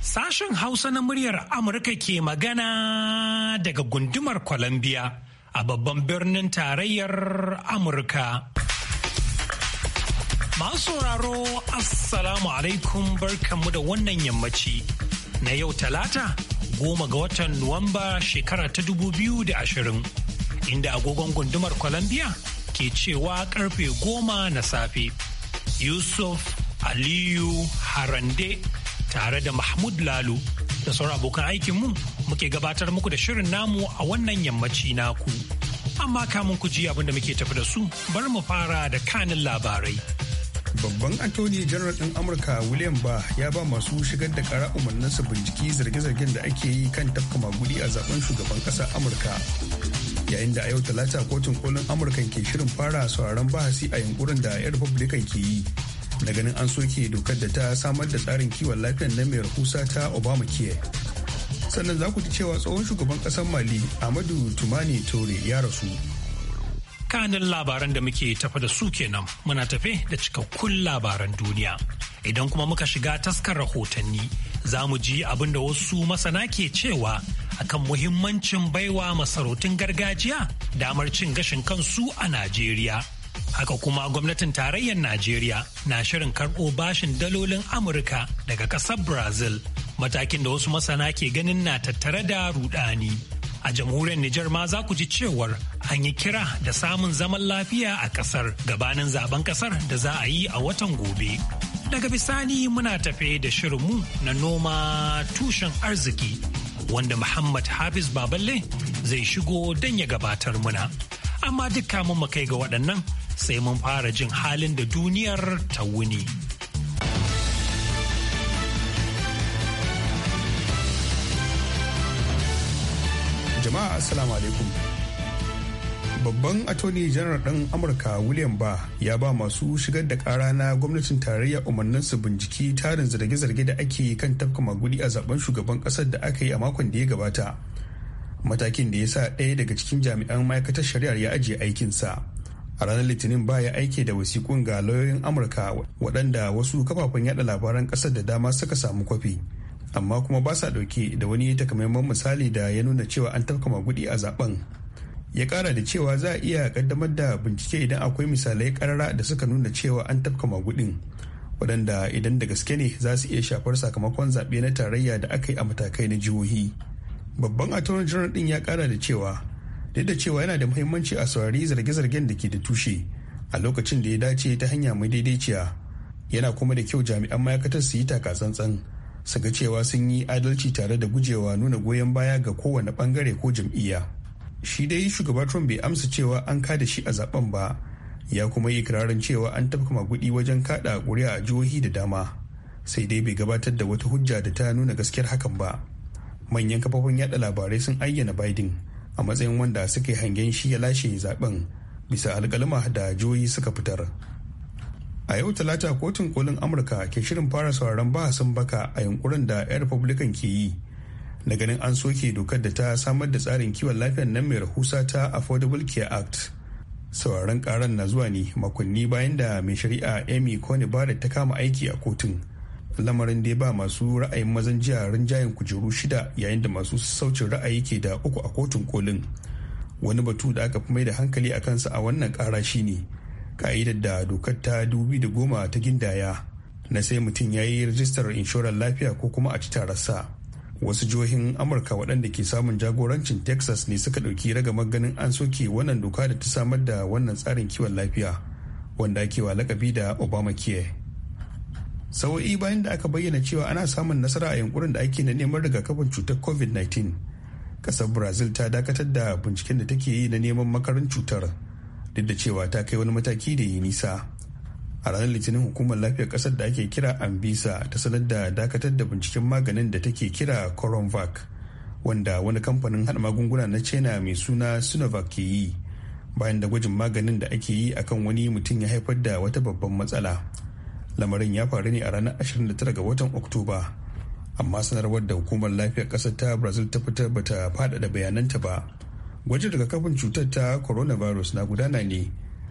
Sashen Hausa na muryar Amurka ke magana daga gundumar Columbia a babban birnin tarayyar Amurka. Masu sauraro Assalamu alaikum barkanmu da wannan yammaci na yau talata goma ga watan Nuwamba shekara ta dubu biyu da ashirin. inda agogon gundumar Columbia ke cewa karfe goma na safe. Yusuf Aliyu Harande tare da Mahmud Lalu da sauran abokan aikinmu muke gabatar muku da shirin namu a wannan yammaci naku. Amma kamun ku ji abinda muke tafi da su bar mu fara da kanin labarai. Babban atoni general ɗin Amurka William ba ya ba masu shigar da kara umarninsa bincike zarge-zargen da ake yi kan tafka magudi a zaben shugaban ƙasar Amurka. yayin da a yau talata kotun kolin amurka ke shirin fara sauraron bahasi a yankurin da 'yan republican ke yi na ganin an soke dokar da ta samar da tsarin kiwon lafiyar na mai rahusa ta obama kiye sannan za ku ji cewa tsohon shugaban kasar mali amadu tumani tore ya rasu kanin labaran da muke tafa da su kenan muna tafe da cikakkun labaran duniya idan kuma muka shiga taskar rahotanni za mu ji abin da wasu masana ke cewa akan muhimmancin baiwa masarautun gargajiya damar cin gashin kansu a Najeriya. Haka kuma gwamnatin tarayyar Najeriya na shirin karɓo bashin dalolin Amurka daga ƙasar Brazil, matakin da wasu masana ke ganin na tattare da rudani. A jamhuriyar Nijar ma za ku ji cewar an yi kira da samun zaman lafiya a ƙasar gabanin zaben ƙasar da za a yi a watan gobe. Daga bisani muna tafe da shirinmu na noma tushen arziki wanda Muhammad Hafiz Baballe zai shigo don ya gabatar muna. Amma duk kamun mu kai ga waɗannan sai mun fara jin halin da duniyar ta wuni. Jama'a Assalamu alaikum. babban atoni general ɗin amurka william ba ya ba masu shigar da kara na gwamnatin tarayya umarnin su binciki tarin zarge-zarge da ake kan tafka magudi a zaben shugaban ƙasar da aka yi a makon da ya gabata matakin da ya sa ɗaya daga cikin jami'an ma'aikatar shari'ar ya ajiye aikinsa a ranar litinin ba ya aike da wasiƙun ga lauyoyin amurka waɗanda wasu kafafen yaɗa labaran ƙasar da dama suka samu kwafi amma kuma ba sa ɗauke da wani takamaiman misali da ya nuna cewa an tafka magudi a zaben ya kara da cewa za a iya kaddamar da bincike idan akwai misalai karara da suka nuna cewa an tafka magudin waɗanda idan da gaske ne za su iya shafar sakamakon zaɓe na tarayya da aka yi a matakai na jihohi babban attorney general din ya kara da cewa duk da cewa yana da muhimmanci a saurari zarge-zargen da ke da tushe a lokacin da ya dace ta hanya mai daidaiciya yana kuma da kyau jami'an ma'aikatar su yi taka tsantsan su cewa sun yi adalci tare da gujewa nuna goyon baya ga kowane bangare ko jam'iyya. shi dai shugaba trump bai amsa cewa an kada shi a zaben ba ya kuma yi ikirarin cewa an tafka magudi wajen kada kuri'a a jihohi da dama sai dai bai gabatar da wata hujja da ta nuna gaskiyar hakan ba manyan kafofin yada labarai sun ayyana biden a matsayin wanda suka yi hangen shi ya lashe zaben bisa alkalama da jihohi suka fitar a yau talata kotun kolin amurka ke shirin fara sauraron bahasin baka a yunkurin da 'yan republican ke yi na ganin an soke dokar da ta samar da tsarin kiwon lafiyar nan mai rahusa ta affordable care act sauraron karan na zuwa ne makonni bayan da mai shari'a amy coney barrett ta kama aiki a kotun lamarin da ya ba masu ra'ayin mazan jiya rinjayen kujeru shida yayin da masu saucin ra'ayi ke da uku a kotun kolin wani batu da aka fi mai da hankali a kansa a wannan kara shine ka'idar da dokar ta dubi da goma ta gindaya na sai mutum ya yi rijistar inshorar lafiya ko kuma a ci tararsa wasu jihohin amurka waɗanda ke samun jagorancin texas ne suka ɗauki ragamar ganin an soke wannan doka da ta samar da wannan tsarin kiwon lafiya wanda ake wa lakabi da obamacare sawa'i bayan da aka bayyana cewa ana samun nasara a yankunan da ake na neman rigakafin cutar covid-19 ƙasar brazil ta dakatar da binciken da take yi na neman makarin cutar duk da cewa ta kai wani mataki da yi nisa a ranar litinin hukumar lafiyar kasar da ake kira ambisa ta sanar da dakatar da binciken maganin da take kira coronavac wanda wani kamfanin hada magunguna na china mai suna sinovac ke yi bayan da gwajin maganin da ake yi akan wani mutum ya haifar da wata babban matsala lamarin ya faru ne a ranar 29 ga watan oktoba amma sanarwar da hukumar lafiyar kasar ta brazil ta fitar bata faɗaɗa bayananta ba gwajin daga kafin cutar ta coronavirus na gudana ne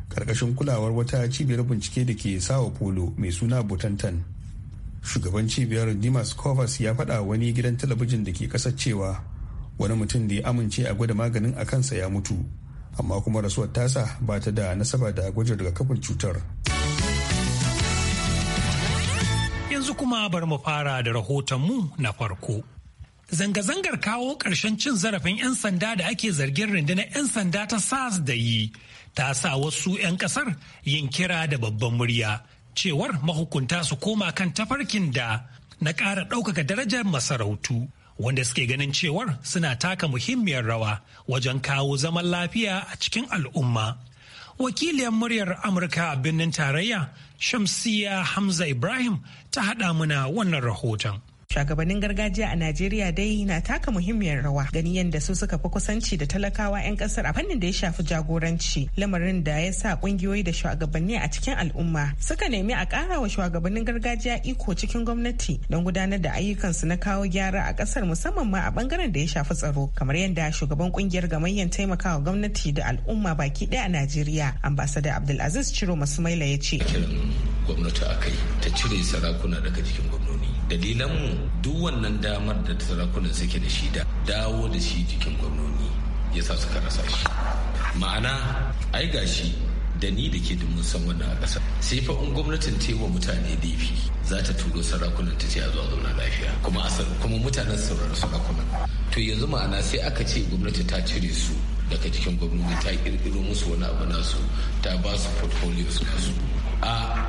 karkashin kulawar wata cibiyar bincike da ke sawa polo mai suna botantan shugaban cibiyar dimas covas ya faɗa wani gidan talabijin da ke ƙasar cewa wani mutum da ya amince a gwada maganin a kansa ya mutu amma kuma rasuwar tasa ba ta da nasaba da gwajin kafin cutar yanzu kuma bar mu fara da rahotonmu na farko zanga-zangar kawo ƙarshen cin zarafin 'yan sanda da ake zargin rundunar 'yan sanda ta sars da yi ta sa wasu 'yan kasar yin kira da babban murya cewar mahukunta su koma kan tafarkin da na ƙara ɗaukaka darajar masarautu wanda suke ganin cewar suna taka muhimmiyar rawa wajen kawo zaman lafiya a cikin al'umma. Wakiliyar muryar Amurka a birnin tarayya Shamsiya Hamza Ibrahim ta haɗa mana wannan rahoton. Shugabannin gargajiya a Najeriya dai na taka muhimmiyar rawa gani yadda su suka fi kusanci da talakawa 'yan kasar a fannin da ya shafi jagoranci lamarin da ya sa kungiyoyi da shugabanni a cikin al'umma suka nemi a ƙara wa shugabannin gargajiya iko cikin gwamnati don gudanar da ayyukansu na kawo gyara a kasar musamman ma a bangaren da ya shafi tsaro kamar yadda shugaban kungiyar gamayyar taimakawa gwamnati da al'umma baki ɗaya a najeriya ambasada abdulaziz ciro masumaila ya ce gwamnati a kai ta cire sarakuna daga cikin gwamnoni Dalilan mu duk wannan damar da sarakunan suke da shi da dawo da shi jikin gwamnoni ya sa suka rasa shi ma'ana ai gashi da ni da ke mun san wannan a ƙasa sai fa in gwamnatin ce wa mutane laifi za ta turo sarakunan ta ce a zuwa zauna lafiya kuma a kuma mutanen saurari sarakunan to yanzu ma'ana sai aka ce gwamnati ta cire su daga cikin gwamnoni ta kirkiro musu wani abu nasu ta ba su portfolio su a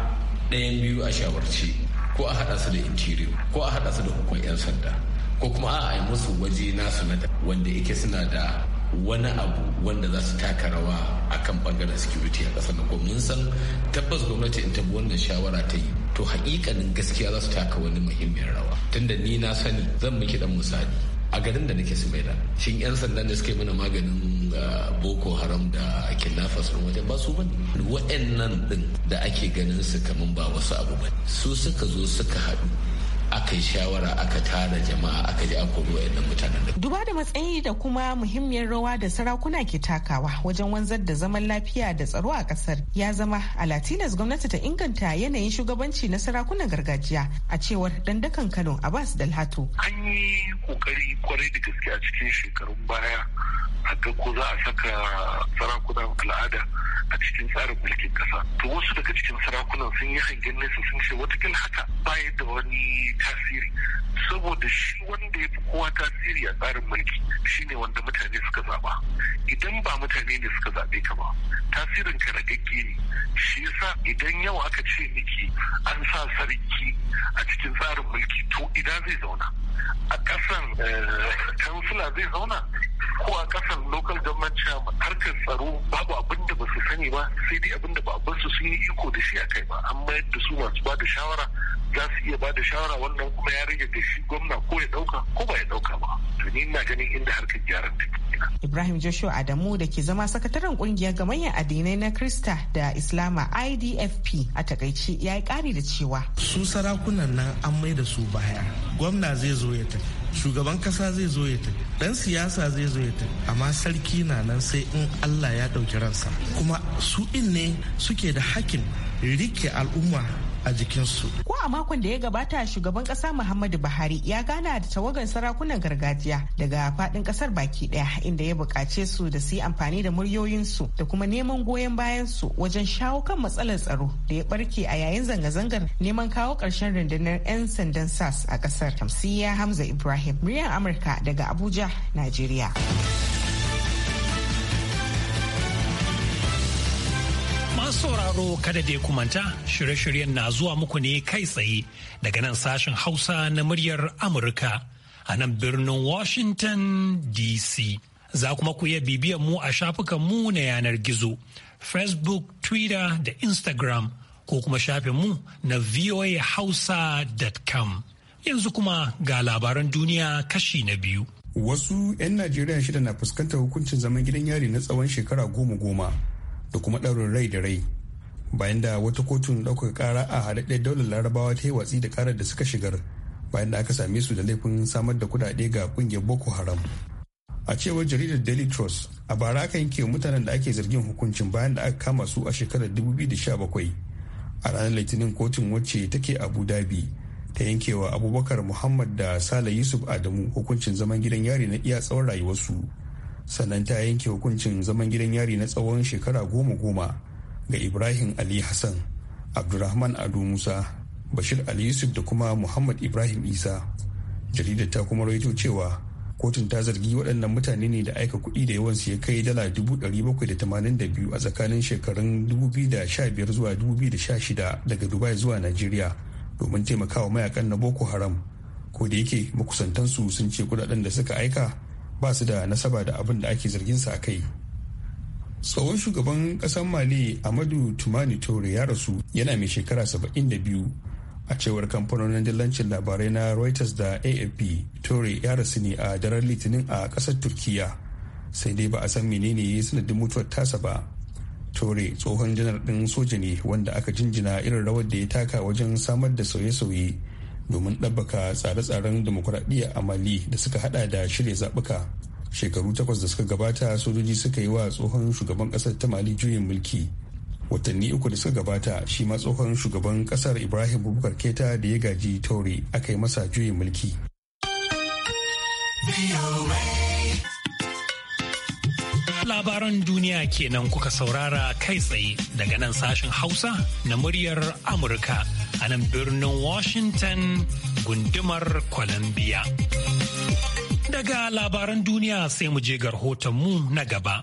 ɗayan biyu a shawarce. ko a haɗa su da interior ko a haɗa su da hukun 'yan sanda ko kuma a yi musu waje nasu na wanda yake suna da wani abu wanda za su taka rawa a kan bangaren security a ƙasar nan mun san tabbas gwamnati in bi wannan shawara ta yi to haƙiƙanin gaskiya za su taka wani muhimmiyar rawa tunda ni na sani zan miki dan misali a garin da nake su da shin 'yan sanda ne suke mana maganin boko haram da kidnappers ɗin wajen ba su ba waɗannan ɗin da ake ganin su kamar ba wasu abu ba su suka zo suka haɗu aka yi shawara aka tara jama'a aka ji aka wayannan mutanen da duba da matsayi da kuma muhimmiyar rawa da sarakuna ke takawa wajen wanzar da zaman lafiya da tsaro a kasar ya zama a latinas gwamnati ta inganta yanayin shugabanci na sarakunan gargajiya a cewar dandakan kano abbas dalhatu an yi kokari kwarai da gaske a cikin shekarun baya a ga ko za a saka sarakunan al'ada a cikin tsarin mulkin kasa to wasu daga cikin sarakunan sun yi hangen nesa sun ce watakila haka ba da wani tasiri saboda shi wanda ya fi kowa tasiri a tsarin mulki shine wanda mutane suka zaba idan ba mutane ne suka zabe ka ba tasirin ka ragagge ne shi yasa idan yau aka ce miki an sa sarki a cikin tsarin mulki to idan zai zauna a kasan eh, kansila zai zauna ko a kasan local government chairman harkar tsaro babu abin da ba su sani ba sai dai abin da ba su sun yi iko da shi a kai ba an mayar da su masu ba da shawara za su iya ba da shawara wannan kuma ya rage da shi gwamna ko ya dauka ko ba ya dauka ba to ni ina ganin inda harkar gyaran take Ibrahim Joshua Adamu da ke zama sakataren kungiyar gamayyar addinai na Krista da Islama IDFP a takaici ya yi kari da cewa su sarakunan nan an mai da su baya gwamna zai zo ya tafi shugaban kasa zai zo ya tafi dan siyasa zai zo ya tafi amma sarki na nan sai in Allah ya dauki ransa kuma su in ne suke da hakin rike al'umma a jikinsu. Ko a makon da ya gabata shugaban kasa Muhammadu Buhari ya gana da tawagan sarakunan gargajiya daga fadin kasar baki daya inda ya bukace su da su yi amfani da muryoyinsu da kuma neman goyon bayan su wajen shawo kan matsalar tsaro da ya barke a yayin zanga-zangar neman kawo ƙarshen rundunar 'yan sandan SAS a kasar. Tamsiya Hamza Ibrahim, muryar Amurka daga Abuja, Najeriya. Masu sauraro kada dai kumanta shirye-shiryen na zuwa muku ne kai tsaye daga nan sashen Hausa na muryar Amurka a nan birnin Washington DC. Za kuma ku iya bibiyar mu a shafukan mu na yanar gizo, Facebook, Twitter da Instagram ko kuma shafin mu na voahausa.com. Yanzu kuma ga labaran duniya kashi na biyu. Wasu 'yan Najeriya shida na fuskantar hukuncin zaman gidan yari na tsawon shekara goma goma. da kuma ɗaurin rai da rai bayan da wata kotun ɗaukar ƙara a haɗaɗɗen daular larabawa ta yi watsi da ƙarar da suka shigar bayan da aka same su da laifin samar da kuɗaɗe ga ƙungiyar boko haram a cewar jaridar daily trust a bara aka yanke mutanen da ake zargin hukuncin bayan da aka kama su a shekarar 2017 a ranar litinin kotun wacce take abu dhabi ta yankewa abubakar muhammad da sale yusuf adamu hukuncin zaman gidan yari na iya tsawon rayuwarsu sannan ta yanke hukuncin zaman gidan yari na tsawon shekara goma goma ga ibrahim ali hassan abdulrahman ado musa bashir ali yusuf da kuma muhammad ibrahim isa jaridar ta kuma raito cewa kotun ta zargi waɗannan mutane ne da aika kuɗi da yawan su ya kai dala da da tamanin biyu a tsakanin shekarun 2015 zuwa shida daga dubai zuwa najeriya domin taimakawa mayakan na boko haram ko da yake makusantansu sun ce kudaden da suka aika ba su da nasaba da abin da ake zargin sa kai tsohon shugaban ƙasar mali amadu tumani tore ya rasu yana mai shekara 72 a cewar kamfanonin dillancin labarai na reuters da afp tore ya rasu ne a daren litinin a kasar turkiya sai dai ba a san menene sanadin mutuwar tasa ba tore tsohon janar din soja ne wanda aka jinjina irin rawar da ya taka wajen samar da sauye-sauye domin ɗabbaka tsare-tsaren demokuraɗiyya a mali da suka hada da shirya zaɓuka shekaru takwas da suka gabata sojoji suka yi wa tsohon shugaban ƙasar ta mali juyin mulki watanni uku da suka gabata shi ma tsohon shugaban ƙasar ibrahim bubakar keta da ya gaji taure aka yi masa juyin mulki labaran duniya kenan kuka saurara kai tsaye daga nan sashen hausa na muryar amurka a nan birnin Washington gundumar Columbia. Daga labaran duniya sai mu je mu na gaba.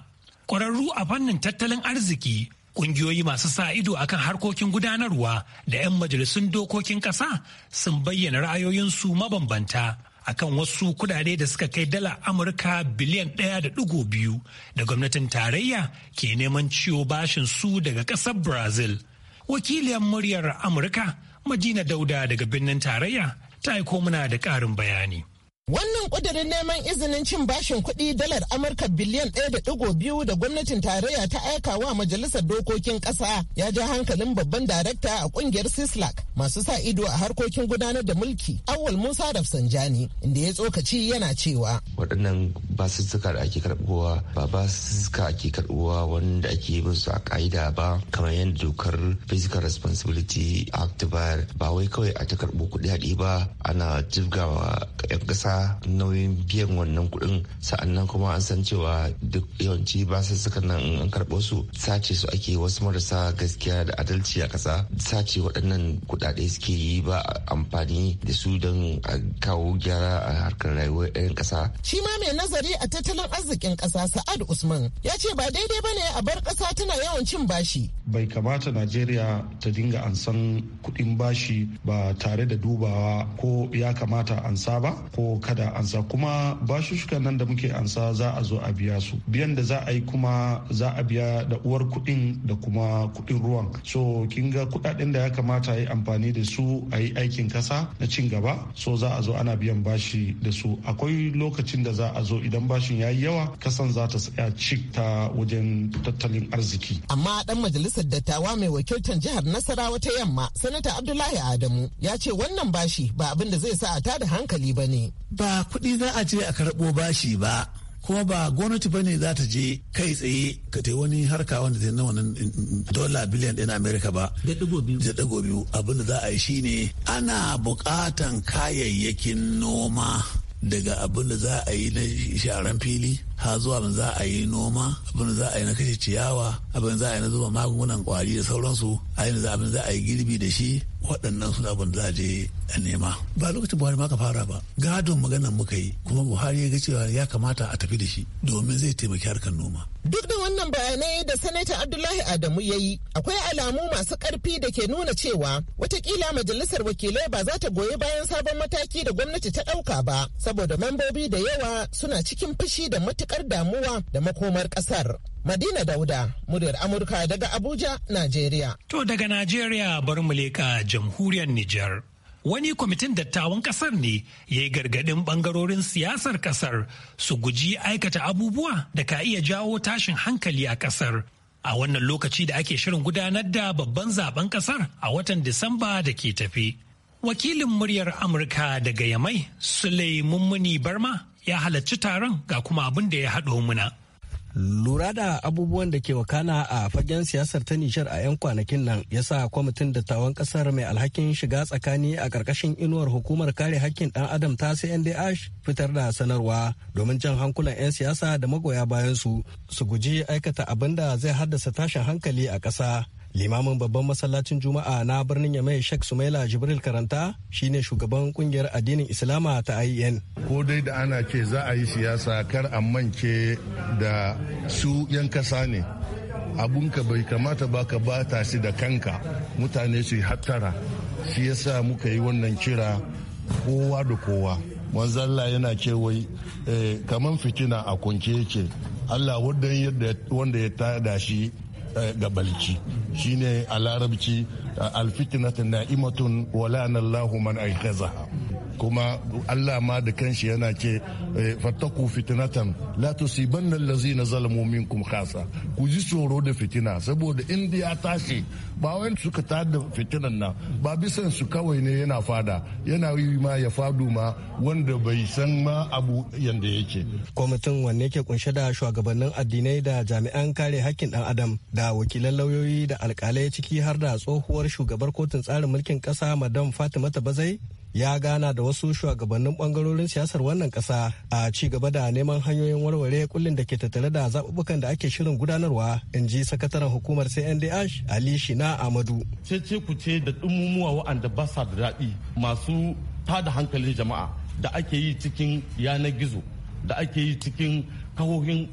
Ƙwararru a fannin tattalin arziki Ƙungiyoyi masu sa ido akan harkokin gudanarwa da 'yan majalisun dokokin ƙasa sun bayyana ra'ayoyinsu mabambanta akan wasu kudade da suka kai dala Amurka biliyan ɗaya da ɗigo biyu da gwamnatin tarayya ke neman ciwo bashin su daga ƙasar Brazil. Wakiliyar muryar Amurka Madina Dauda daga birnin tarayya ta aiko muna da ƙarin bayani. Wannan ƙudurin neman izinin cin bashin kuɗi dalar Amurka biliyan ɗaya da ɗigo biyu da gwamnatin tarayya ta aika wa majalisar dokokin ƙasa ya ja hankalin babban darakta a ƙungiyar Sislak masu sa ido a harkokin gudanar da mulki Awal Musa Rafsanjani inda ya tsokaci yana cewa. Waɗannan basussuka da ake karɓuwa ba basussuka ake karɓuwa wanda ake musu a ƙa'ida ba kamar yadda dokar Physical Responsibility Act ba wai kawai a ta karɓo kuɗi haɗi ba ana jibgawa 'yan ƙasa a nauyin biyan wannan kuɗin sa'annan kuma an san cewa duk yawanci suka nan an karɓo su sace su ake wasu marasa gaskiya da adalci a kasa sace waɗannan kuɗaɗe suke yi ba amfani da su don a kawo gyara a harkar rayuwar 'yan ƙasa. shi ma mai nazari a tattalin arzikin ƙasa sa'ad usman ya ce ba daidai ba ne a bar ƙasa tana yawan cin bashi. bai kamata najeriya ta dinga ansan kuɗin bashi ba tare da dubawa ko ya kamata ansa ba ko kada ansa kuma bashushuka nan da muke ansa za a zo a biya su biyan da za a yi kuma za a biya da uwar kuɗin da kuma kuɗin ruwan so kin ga kuɗaɗen da ya kamata a yi amfani da su a yi aikin kasa na cin gaba so za a zo ana biyan bashi da su akwai lokacin da za a zo idan bashin ya yi yawa kasan za ta tsaya cik ta wajen tattalin arziki amma dan majalisar dattawa mai wakiltar jihar nasarawa ta yamma sanata abdullahi adamu ya ce wannan bashi ba abin da zai sa a tada hankali ba ne ba kuɗi za a je a karɓo bashi ba kuma ba gwamnati ba ne za ta je kai tsaye ka ta wani harka wanda zai na wannan mm, mm, mm, dola biliyan ɗin amerika ba da ɗago biyu abin za a yi shine ana buƙatan kayayyakin noma daga abinda za a yi na sharan fili ha zuwa abin za a yi noma abin za a yi na kashe ciyawa abin za a yi na zuba magungunan kwari da sauransu a yi abin za a yi girbi da shi waɗannan suna abin za a je a nema ba lokacin buhari ma ka fara ba gadon maganar muka yi kuma buhari ya ga cewa ya kamata a tafi da shi domin zai taimaki harkar noma duk da wannan bayanai da sanata abdullahi adamu ya yi akwai alamu masu karfi da ke nuna cewa watakila majalisar wakilai ba za ta goyi bayan sabon mataki da gwamnati ta ɗauka ba saboda mambobi da yawa suna cikin fushi da matuƙa matukar damuwa da makomar kasar. Madina Dauda, muryar Amurka daga Abuja, Najeriya. To daga Najeriya bari mu leka jamhuriyar Nijar. Wani kwamitin dattawan kasar ne ya yi gargaɗin ɓangarorin siyasar kasar su guji aikata abubuwa da ka iya jawo tashin hankali a kasar. a wannan lokaci da ake shirin gudanar da babban zaben kasar a watan Disamba da ke tafi. Wakilin muryar Amurka daga Yamai, Sulaimun Muni Barma, ya halarci taron ga kuma abin da ya haɗo muna. lura da abubuwan da ke wakana a fagen siyasar ta nijar a 'yan kwanakin nan ya sa kwamitin dattawan kasar mai alhakin shiga tsakani a ƙarƙashin inuwar hukumar kare hakkin ɗan adam ta cndh fitar da sanarwa domin jan hankulan 'yan siyasa da magoya bayansu su guji aikata abin da zai haddasa tashin hankali a ƙasa limamin babban masallacin juma'a na birnin yamai sheikh sumaila jibril karanta shine shugaban kungiyar addinin islama ta ien ko dai da ana ce za a yi siyasa kar a manke da su yan kasa ne abunka bai kamata ba ka bata shi da kanka mutane su yi hattara shi yasa muka yi wannan kira kowa da kowa wanzalla yana ce wai eh, kamar fitina a kunce yake allah wanda ya tada shi Eh, ga shine a larabci eh, alfitnatu na'imatun wala anallahu man aikhazaha kuma Allah ma da kanshi yana ce eh, fataku fitinatan la lazi na zalamu minkum khasa ku ji tsoro da fitina saboda indiya tashi ba wani suka ta da fitinan nan ba bisan su kawai ne yana fada yana yi ma ya fadu ma wanda bai san ma abu yanda yake kwamitin wanne ke kunshe da shugabannin addinai da jami'an kare hakkin dan adam da wakilan lauyoyi da alkalai ciki har da tsohuwar shugabar kotun tsarin mulkin kasa madam fatima bazai ya gana da wasu shugabannin bangarorin siyasar wannan kasa a ci gaba da neman hanyoyin warware kullum da ke tattare da zaɓuɓɓukan da ake shirin gudanarwa in ji sakataren hukumar cndh ali shina amadu cece ku ce da ɗumumuwa wa'anda ba sa da daɗi masu tada hankalin jama'a da ake yi cikin yanar gizo da ake yi cikin kahohin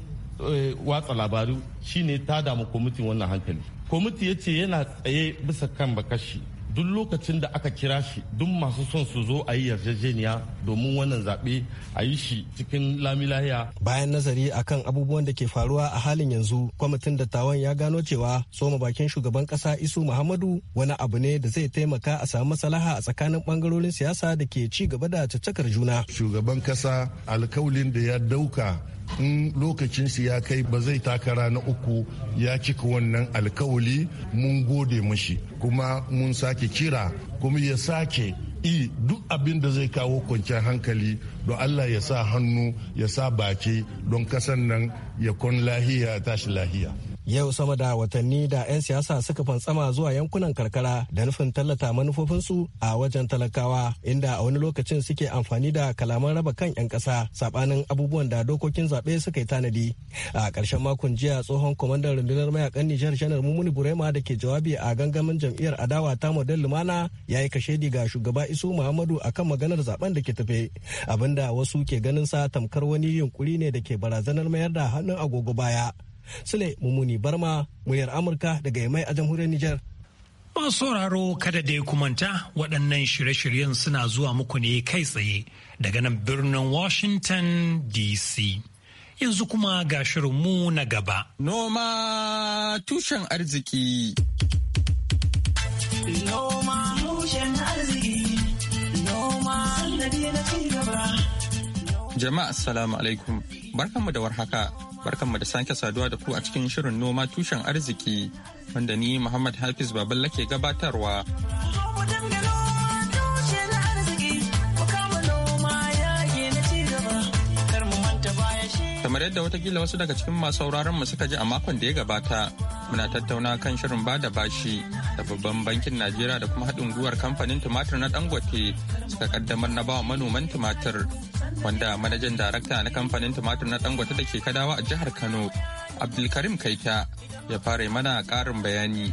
eh, watsa labaru shine tada mu kwamitin wannan hankali kwamiti ya ce yana tsaye bisa kan bakashi duk lokacin da aka kira shi duk masu son su zo a yi yarjejeniya domin wannan zaɓe a yi shi cikin lamilahiya. Bayan nazari akan abubuwan da ke faruwa a halin yanzu, kwamitin dattawan ya gano cewa soma bakin shugaban ƙasa Isu Muhammadu wani abu ne da zai taimaka a samu maslaha a tsakanin bangarorin siyasa da ke ci gaba da caccakar juna. Shugaban ƙasa alkawalin da ya dauka in lokacin su ya kai ba zai takara na uku ya cika wannan alkawali mun gode mashi kuma mun sake kira kuma ya sake i duk abin da zai kawo kwanciyar hankali don Allah ya sa hannu ya sa baki don kasan nan ya kon lahiya tashi lahiya. yau sama da watanni da 'yan siyasa suka fantsama zuwa yankunan karkara da nufin tallata manufofinsu a wajen talakawa inda a wani lokacin suke amfani da kalaman raba kan 'yan ƙasa sabanin abubuwan da dokokin zaɓe suka yi tanadi a ƙarshen makon jiya tsohon kwamandan rundunar mayakan nijar janar mumuni burema da ke jawabi a gangamin jam'iyyar adawa ta model lumana ya yi kashedi ga shugaba isu muhammadu akan maganar zaben da ke tafe abinda wasu ke ganin sa tamkar wani yunkuri ne da ke barazanar mayar da hannun agogo baya Sule Mumuni Barma, muryar Amurka daga Yamai a jamhuriyar Nijar. Masu sauraro kada dai kumanta waɗannan shirye-shiryen suna zuwa muku ne kai tsaye daga nan birnin Washington DC. Yanzu kuma ga shirinmu na gaba. Noma tushen arziki. Noma tushen arziki. Noma sannadi na ci gaba. Jama'a Salamu alaikum. Barkanmu da warhaka. barkanmu da sake saduwa da ku a cikin shirin noma tushen arziki wanda ni Muhammad Hafiz Baballa ke gabatarwa. kamar yadda watakila wasu daga cikin masu sauraron mu suka ji a makon da ya gabata muna tattauna kan shirin ba da bashi da babban bankin najeriya da kuma haɗin gwiwar kamfanin tumatir na dangote suka kaddamar na bawa manoman tumatir wanda manajan darakta na kamfanin tumatir na dangote da ke kadawa a jihar kano abdulkarim kaita ya fara mana ƙarin bayani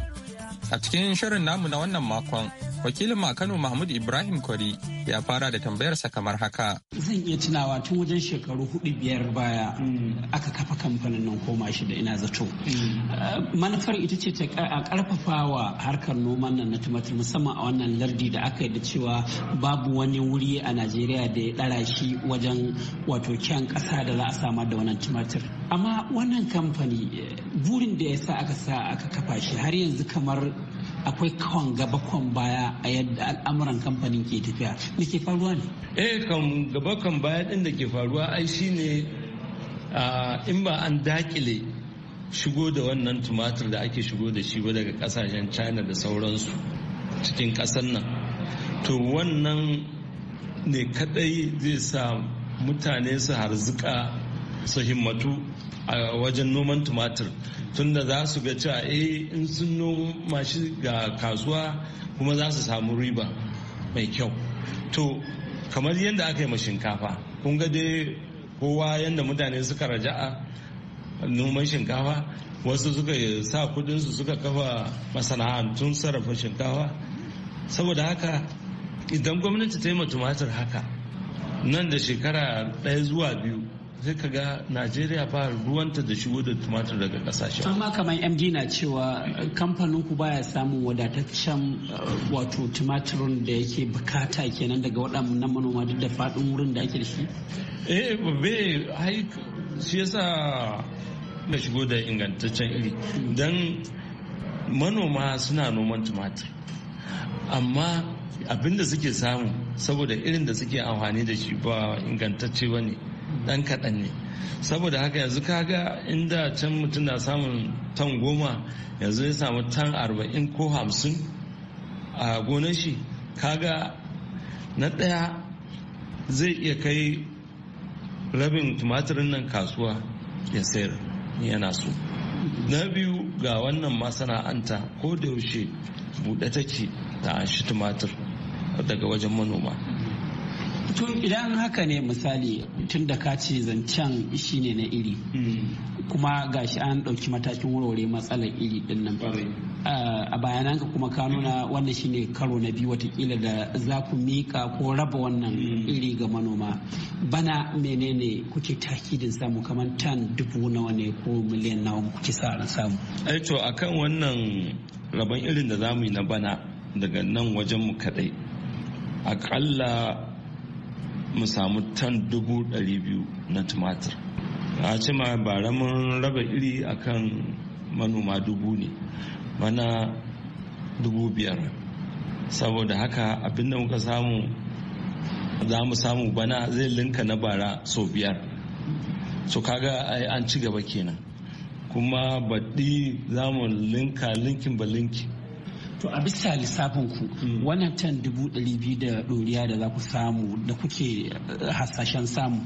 A cikin shirin namu na wannan makon, wakilin Kano Mahmud Ibrahim Kwari ya fara da tambayarsa kamar haka. Zan iya tunawa tun wajen shekaru hudu biyar baya mm, aka kafa kamfanin nan koma shi da ina zato. Mm. Manufar ita ce ta karfafa wa harkar noman nan na tumatir musamman a wannan lardi da aka yi da cewa babu wani wuri a Najeriya da ya ɗara shi wajen wato kyan ƙasa da za a samar da wannan tumatir. Amma wannan kamfani eh, burin da ya sa aka sa aka kafa shi har yanzu kamar akwai kwan gaba kwan baya a yadda al'amuran kamfanin ke tafiya da ke faruwa ne eh kan gaba kan baya din da ke faruwa ai shi ne in ba an dakile shigo da wannan tumatir da ake shigo da shi ba daga kasashen china da sauransu cikin kasar nan to wannan ne kadai zai sa mutane su harzuka su himmatu a wajen noman tumatir tunda za su ga cewa eh in sun noma shi ga kasuwa kuma za su samu riba mai kyau to kamar yadda aka yi shinkafa kun ga dai kowa yadda mutane suka raja'a noman shinkafa wasu suka sa kudinsu suka kafa masana'antun sarrafa shinkafa saboda haka idan gwamnati ta yi tumatir haka nan da shekara ɗaya zuwa biyu zai ka ga najeriya ba ruwanta da shigo da tumatir daga kasashe amma kamar md na cewa kamfanin ku baya samun wadataccen uh, wato tumatirin da yake bukata kenan daga waɗannan manoma duk da faɗin wurin da ake da shi eh babe ai shi yasa na shigo da ingantaccen iri don manoma suna noman tumatir amma abin da suke samu saboda irin da suke amfani da shi ba ingantacce ba ne dan kaɗan ne saboda haka yanzu kaga inda can mutum na samun tan goma yanzu ya samu tan arba'in ko hamsin a gonar shi kaga na ɗaya zai iya kai rabin tumatirin nan kasuwa ya sayar yana so na biyu ga wannan masana'anta ko da yaushe buɗe take ta shi tumatir daga wajen manoma tun idan haka ne misali tun da ka ce zancen shine na iri mm. kuma gashi an ɗauki matakin wurare matsalar iri din nan ah, a bayananka kuma ka nuna wannan shine karo na biyu watakila da za ku mika ko raba wannan mm. iri ga manoma bana menene kuke takidin samu kamar tan dubu nawa ne ko miliyan nawa kuke sa samu eh, to akan wannan rabon irin da zamu yi na bana daga nan wajen mu kadai akalla mu samu tan dubu ɗari biyu na tumatir a ma bara mun raba iri akan manoma dubu ne mana dubu biyar saboda haka abinda muka samu za mu samu bana zai linka na bara sau biyar so kaga an ci gaba kenan kuma baɗi za mu linka linkin ba linkin. to a bisa lissafin ku mm. wannan tan dubu ɗari biyu da ɗoriya da za ku samu da kuke eh, hasashen samu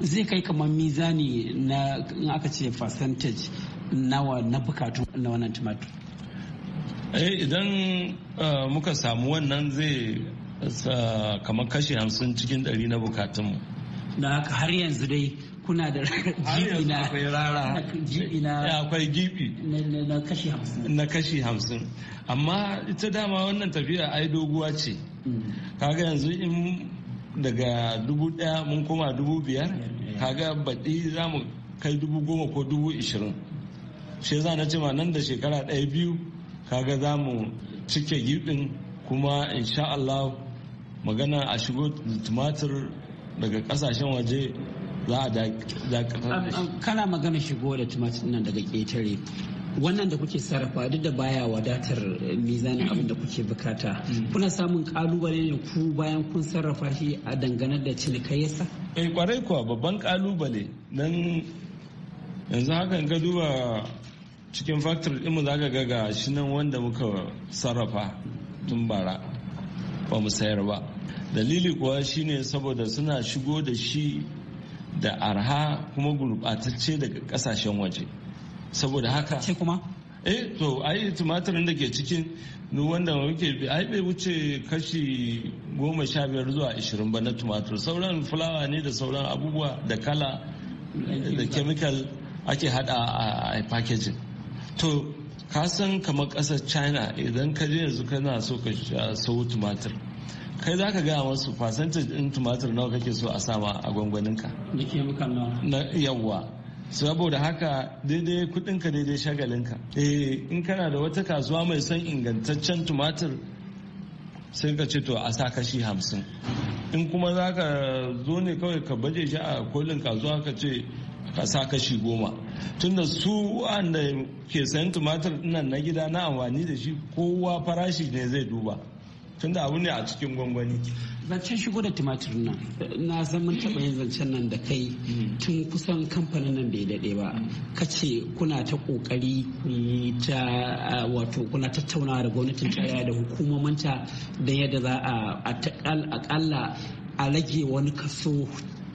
zai kai kamar mizani na in aka ce percentage nawa na bukatu na wannan tumatur eh idan eh, muka samu wannan zai kamar kashi hamsin cikin ɗari na bukatunmu da har yanzu dai kuna da jibi na akwai gibi na kashi hamsin amma ita dama wannan tafiya ai doguwa ce hmm. kaga yanzu in daga dubu daya mun koma dubu biyar kaga baɗi za mu kai dubu goma ko dubu ishirin shi za na ce ma nan da shekara ɗaya biyu kaga za mu cike gibin kuma in sha Allah magana a shigo tumatir daga kasashen waje kana magana shigo da tumatir nan daga ƙetare wannan da kuke sarrafa duk da baya wadatar mizanin abin da kuke bukata hmm. kuna samun kalubale ne ku bayan kun sarrafa shi a dangane da cinikayyarsa? eh kwarai kuwa babban kalubale nan yanzu hakan ga duba cikin factory ɗin zaka zaka ga shi nan wanda muka sarrafa tun bara ba mu sayar ba dalili kuwa shine saboda suna shigo da shi da arha kuma gurbatacce daga kasashen waje saboda haka ce kuma eh to ai tumatirin da ke cikin ni wanda muke bi ai bai wuce kashi goma sha biyar zuwa ashirin ba na tumatir sauran fulawa ne da sauran abubuwa da kala da chemical ake hada a packaging to ka san kamar kasar china idan ka je yanzu kana so ka sau tumatir kai za ka gaya wasu fasanta in tumatir nawa kake so a sama a gwangwaninka na yawwa saboda haka daidai kudinka daidai shagalinka eh in kana da wata kasuwa mai son ingantaccen tumatir sai ka ce to a sa kashi hamsin in kuma za ka zo ne kawai ka baje shi a kolin kasuwa ka ce ka sa kashi goma tunda su wanda ke sayan tumatir nan na gida na amfani da shi kowa farashi ne zai duba tunda abu ne a cikin gwangwani zancen shigo da tumatir nan na zaman taɓa yin zancen nan da kai hmm. tun kusan kamfanin nan bai daɗe ba hmm. ka kace kuna ta ƙoƙari ta wato kuna tattaunawa da gwamnatin tarayya da hukumomanta da yadda za a akalla a rage wani kaso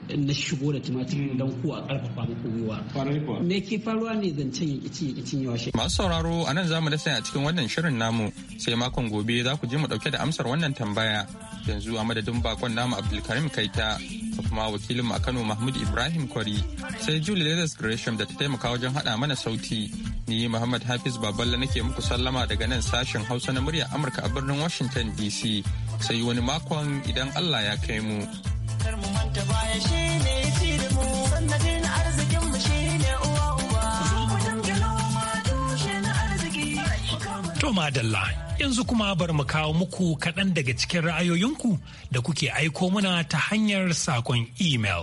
na shigo da tumatir don ku a karfafa muku gwiwa me ke faruwa ne zancen ya ci ya cin yawa masu sauraro a nan zamu da a cikin wannan shirin namu sai makon gobe za ku je mu dauke da amsar wannan tambaya yanzu a madadin bakon namu Abdulkarim Kaita da kuma wakilin a Kano Mahmud Ibrahim Kwari sai Julie Leathers Gresham da ta taimaka wajen hada mana sauti ni Muhammad Hafiz Baballa nake muku sallama daga nan sashen Hausa na muryar Amurka a birnin Washington DC sai wani makon idan Allah ya kai mu. da mu To madalla yanzu kuma bar mu kawo muku kaɗan daga cikin ra'ayoyinku da kuke aiko muna ta hanyar sakon email.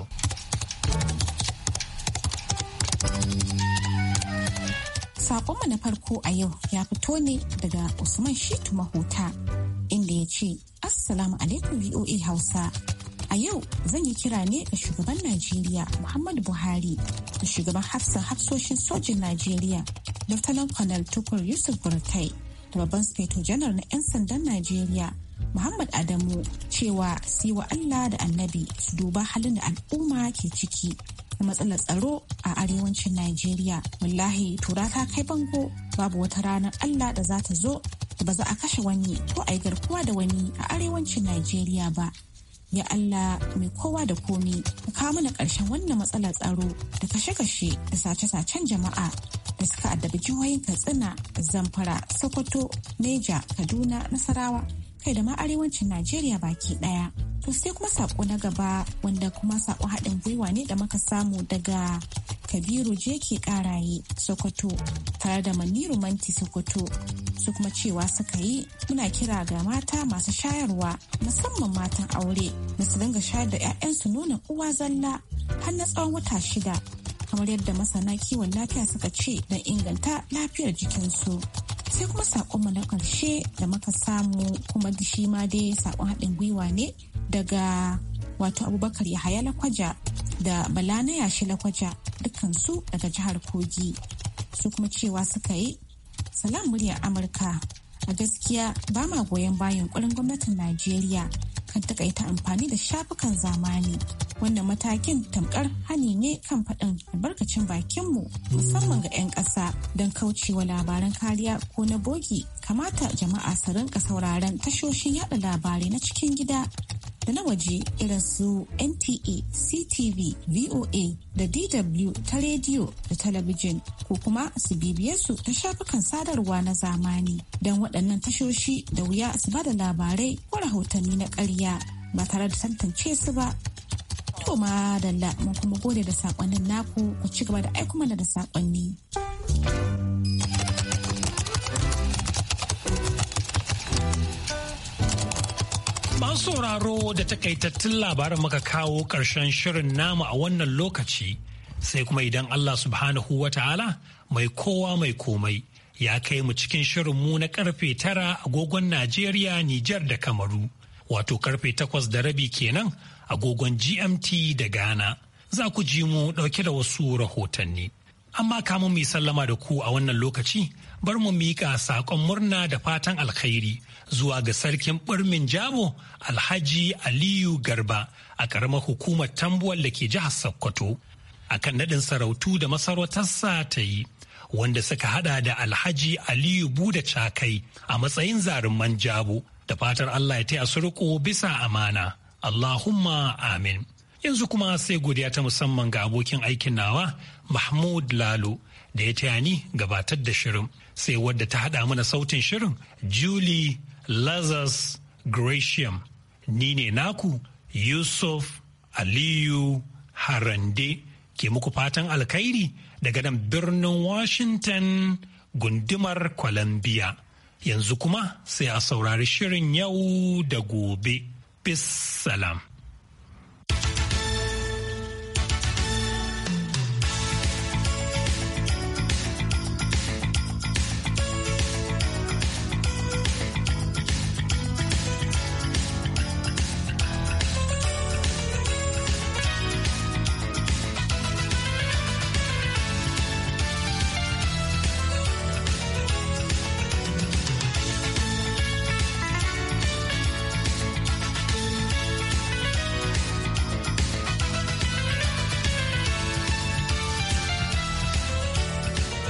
Sakonmu na farko a yau ya fito ne daga Usman Shitu Mahuta inda ya ce, Assalamu alaikum VOA Hausa. A yau zan yi kira ne ga shugaban Najeriya Muhammadu Buhari da shugaban hafsa hafsoshin sojin Najeriya Lieutenant Colonel Tukur Yusuf Burtai da babban Sufeto Janar na 'yan sandan Najeriya Muhammad Adamu cewa wa Allah da annabi su duba halin da al'umma ke ciki da matsalar tsaro a arewacin Najeriya. Wallahi tura ta kai bango babu wata ranar Allah da za ta zo ba za a kashe wani ko a yi garkuwa da wani a arewacin Najeriya ba. ya Allah mai kowa da komi ka kawo mana ƙarshen wannan matsalar tsaro da kashe-kashe da sace-sacen jama'a da suka addabi jihohin Katsina, Zamfara, Sokoto, Neja, Kaduna, Nasarawa kai da ma arewacin Najeriya baki ɗaya. To sai kuma sako na gaba wanda kuma sako haɗin gwiwa ne da muka samu daga Kabiru Jeki Karaye Sokoto tare da Maniru Manti Sokoto su kuma cewa suka yi muna kira ga mata masu shayarwa musamman matan aure da dinga shayar da 'ya'yansu nonon uwa zalla har na tsawon wata shida kamar yadda masana kiwon lafiya suka ce don inganta lafiyar jikinsu. sai kuma sakonmu na karshe da muka samu kuma shi ma dai sakon haɗin gwiwa ne daga wato abubakar yahaya lakwaja da bala na yashi lakwaja dukansu daga jihar kogi su kuma cewa suka yi salam muryar amurka a gaskiya ba ma goyon bayan ƙwarin gwamnatin najeriya kan takaita amfani da shafukan zamani wanda matakin tamkar hani ne kan faɗin albarkacin bakinmu musamman ga 'yan ƙasa don kaucewa labaran kariya ko na bogi kamata jama'a su rinka sauraron tashoshin yada labarai na cikin gida da na waje irin su NTA, e, CTV, VOA da DW ta rediyo da talabijin ko kuma su bibiye su ta shafukan sadarwa na zamani don waɗannan tashoshi da wuya su ba da labarai ko rahotanni na ƙarya ba tare da tantance su ba. To ma dalla mun kuma gode da saƙonnin naku ku ci gaba da aiko mana da saƙonni. Masu sauraro da takaitattun labaran muka kawo ƙarshen shirin namu a wannan lokaci sai kuma idan Allah subhanahu wa ta'ala mai kowa mai komai ya kai mu cikin shirin mu na karfe tara agogon Najeriya, Nijar da Kamaru. Wato karfe takwas da rabi kenan agogon GMT da Ghana. Za ku ji mu ɗauke da wasu rahotanni. Amma kamun mai sallama da ku a wannan lokaci bar mu miƙa saƙon murna da fatan alkhairi zuwa ga sarkin birnin jabo alhaji aliyu garba a ƙaramar hukumar tambuwal da ke jihar sokoto a kan naɗin sarautu da masarautarsa ta yi wanda suka hada da alhaji aliyu buda cakai a matsayin man jabo da fatar allah ya taya su riko bisa amana allahumma amin yanzu kuma sai godiya ta musamman ga abokin aikin nawa mahmud lalo da ya taya ni gabatar da shirin sai wadda ta haɗa mana sautin shirin Julie Lazarus Gratiam. Ni ne naku Yusuf Aliyu Harande ke muku fatan alkhairi daga nan birnin Washington gundumar Columbia. Yanzu kuma sai a saurari shirin yau da gobe. Bis salam.